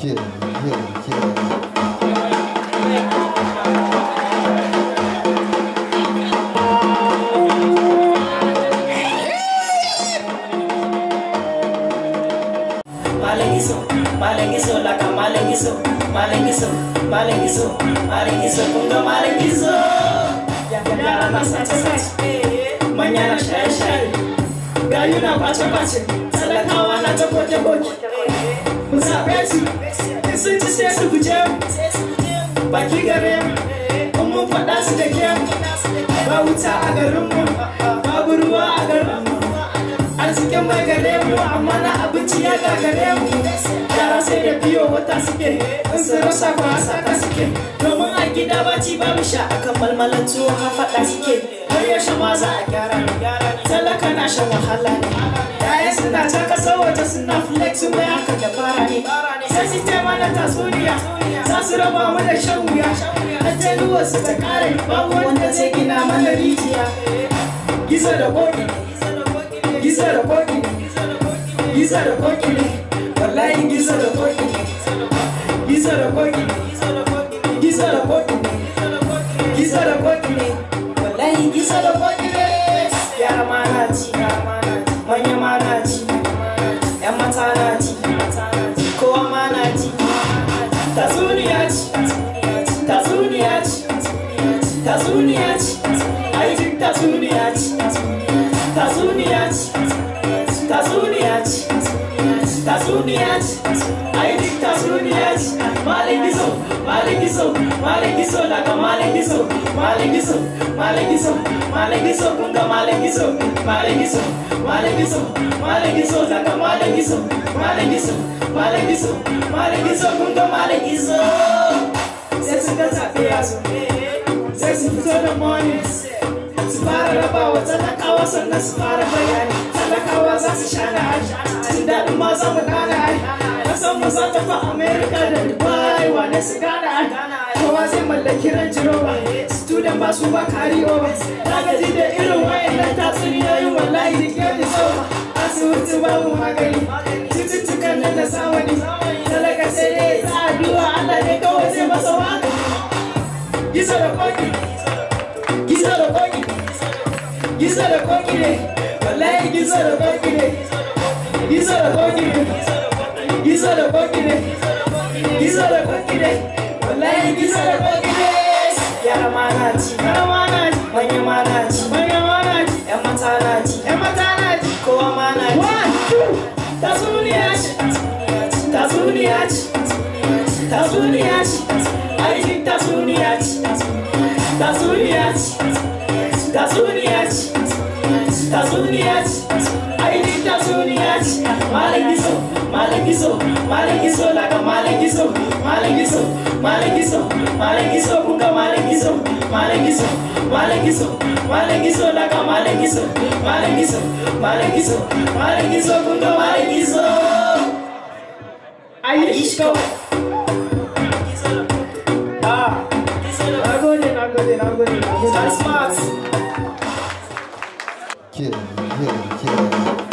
yeah, yeah, yeah. malengiso laka malengiso malengiso malengiso malengiso kunga malengiso ya ya boche ku zaɓe su in sun ci sai su guje mu baki gare mu in mun faɗa su da ke ba wuta a garinmu babu ruwa a garinmu arzikin mai gare mu amma na abinci ya gagare mu yara sai da biyo wata suke in sun rasa ba saka suke domin a gida baci babu sha akan malmalan tuwo hafaɗa suke har yaushe ma za a gyara talaka na shan wahala ne 'ya'ya suna can su mai aka fara ne sai su ce mana tasuniya za su raba mana shan wuya na teluwa su ta kare babu wanda zai gina mana rijiya gizo da koki ne gizo da koki gizo da koki ne wallahi gizo da koki gizo da koki Tazuniac, Tazuniac, Tazuniac, I think Tazuniac, Tazuniac, Tazuniac, Tazuniac, I think Tazuniac, Malikiso, Malikiso malekiso laka malekiso malekiso malekiso malekiso kunga malekiso malekiso malekiso malekiso laka malekiso malekiso malekiso malekiso kunga malekiso sexy that's a fiasco sexy for the morning Sifara rabawa talakawa sannan sifara bayani talakawa za su sha na haji jin daɗin ma za mu gana haji kasan mu za ta fi amerika da dubai wane su gana kowa zai mallaki student ba su kari oba na gaji da irin wayannan tatsuniyoyin wallahi the gisa koki gisa koki gisa koki ne gisa koki ne gisa koki ne gisa koki ne gisa koki ne lady sarfagire yara ma na ci yara ma na ci manya ma na ci manya ma na ci yan mata na ci yan mata na ci kowa ma na ci one two tasuniya ci tasuniya ci tasuniya ci aikin tasuniya ci tasuniya I tasuniya ci tasuniya ci aikin tasuniya ci malam yusuf malikiso malikiso laka malikiso malikiso malikiso malikiso kunga malikiso malikiso malikiso malikiso laka malikiso malikiso malikiso malikiso kunga malikiso Ayush को हाँ नागोजे नागोजे नागोजे dance marks kill kill किल